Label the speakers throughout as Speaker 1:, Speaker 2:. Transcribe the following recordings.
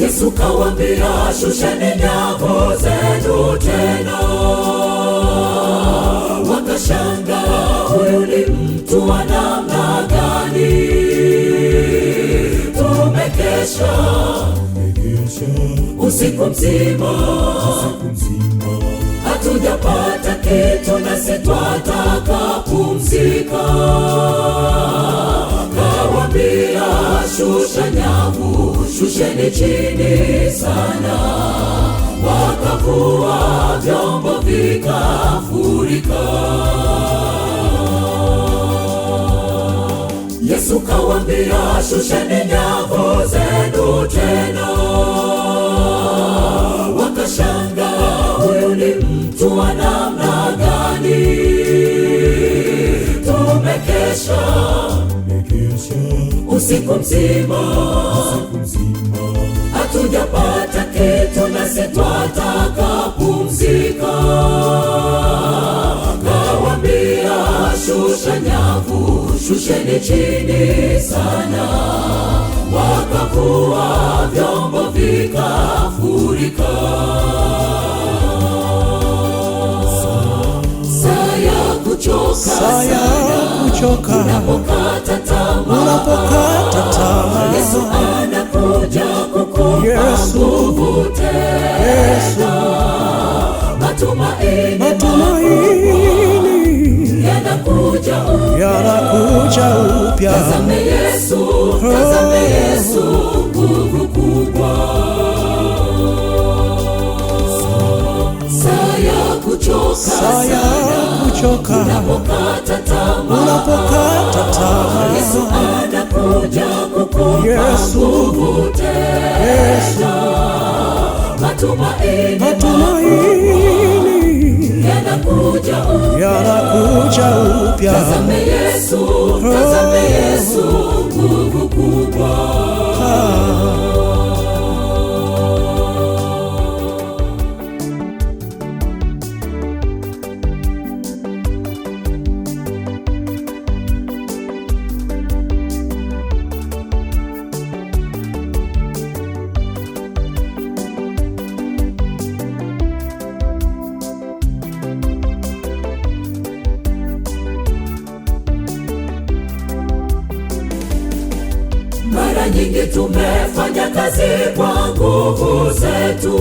Speaker 1: Yesu kawambia, shusheni nyavu zenu tena. Wakashangaa, huyu ni mtu wa namna gani? Tumekesha usiku mzima, hatujapata kitu, nasi twataka pumzika. Kawaambia, shusha nyavu shusheni chini sana, wakavua vyombo vikafurika. Yesu kawambia, shusheni nyavu zenu tena. Wakashanga, huyu ni mtu wa namna gani? Tumekesha usiku mzima, hatujapata kitu nasi twataka pumzika. Kawambia shusha nyavu, shusheni chini sana, wakavua vyombo vikafurika. Saya kuchoka,
Speaker 2: saya
Speaker 1: kuchoka, unapokata
Speaker 2: unapokata tamaa.
Speaker 1: Yesu anakuja kukupa nguvu
Speaker 2: tena,
Speaker 1: matumaini
Speaker 2: yanakuja upya. Tazame
Speaker 1: Yesu, tazame oh. Yesu, nguvu kubwa saya kuchoka, unapokata
Speaker 2: tamaa matumaini
Speaker 1: yanakuja upya. tumefanya kazi kwa nguvu zetu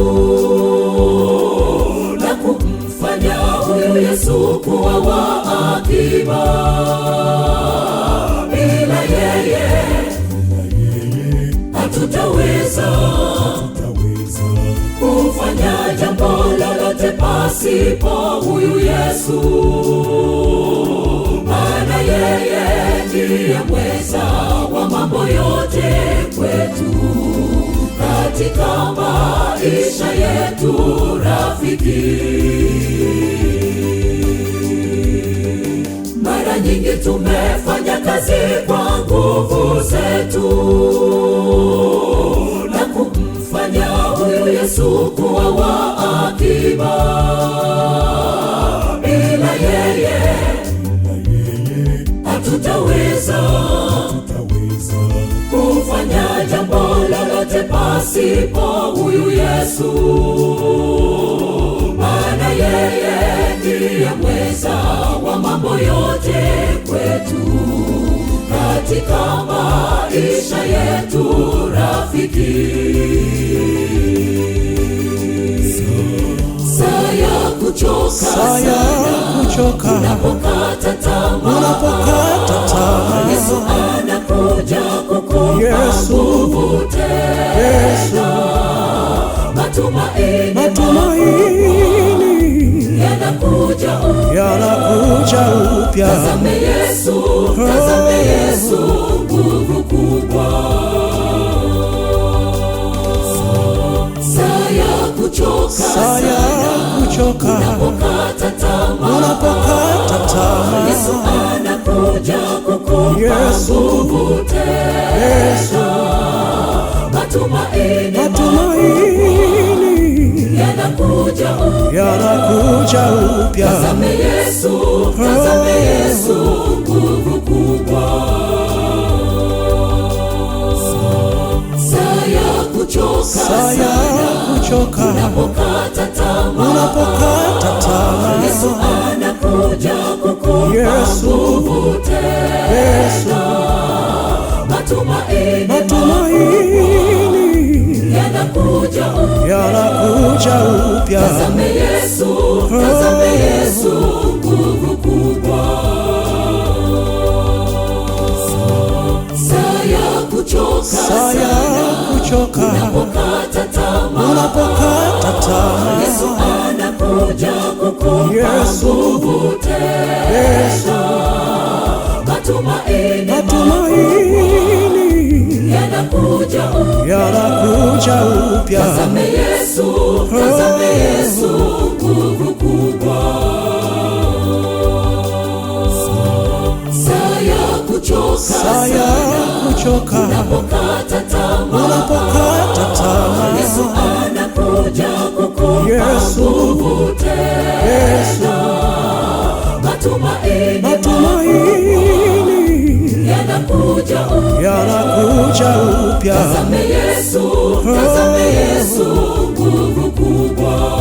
Speaker 1: na kumfanya huyu Yesu kuwa wa akiba. Bila yeye hatutaweza kufanya jambo lolote pasipo huyu Yesu, maana yeye ndiye mweza wa mambo yote. maisha yetu rafiki. Mara nyingi tumefanya kazi kwa nguvu zetu na kumfanya huyu Yesu kuwa wa akiba. Bila yeye hatutaweza chochote pasipo huyu Yesu, maana yeye ndiye mweza wa mambo yote kwetu katika maisha yetu rafiki. saya kuchoka,
Speaker 2: saya kuchoka,
Speaker 1: unapokata tamaa
Speaker 2: matumaini
Speaker 1: yanakuja upya. Oh. Tazame Yesu, nguvu kubwa,
Speaker 2: saa ya
Speaker 1: kuchoka unapokata
Speaker 2: tamaa, Yesu
Speaker 1: anakuja kukupa nguvu
Speaker 2: tena, yanakuja upya. Tazame
Speaker 1: Yesu, tazame Yesu, nguvu kubwa
Speaker 2: kuja upya. Tazame Yesu,
Speaker 1: tazame Yesu, nguvu kubwa. Saa
Speaker 2: ya kuchoka sana,
Speaker 1: unapokata
Speaker 2: tamaa, Yesu anakuja
Speaker 1: kukupa nguvu tena.
Speaker 2: kuanzisha upya. Tazame Yesu,
Speaker 1: tazame Yesu, nguvu kubwa saya kuchoka
Speaker 2: saya kuchoka,
Speaker 1: unapokata
Speaker 2: tamaa, Yesu
Speaker 1: anakuja kukupa nguvu tena,
Speaker 2: matumaini cha upya. Tazame Yesu, tazame
Speaker 1: Yesu, nguvu kubwa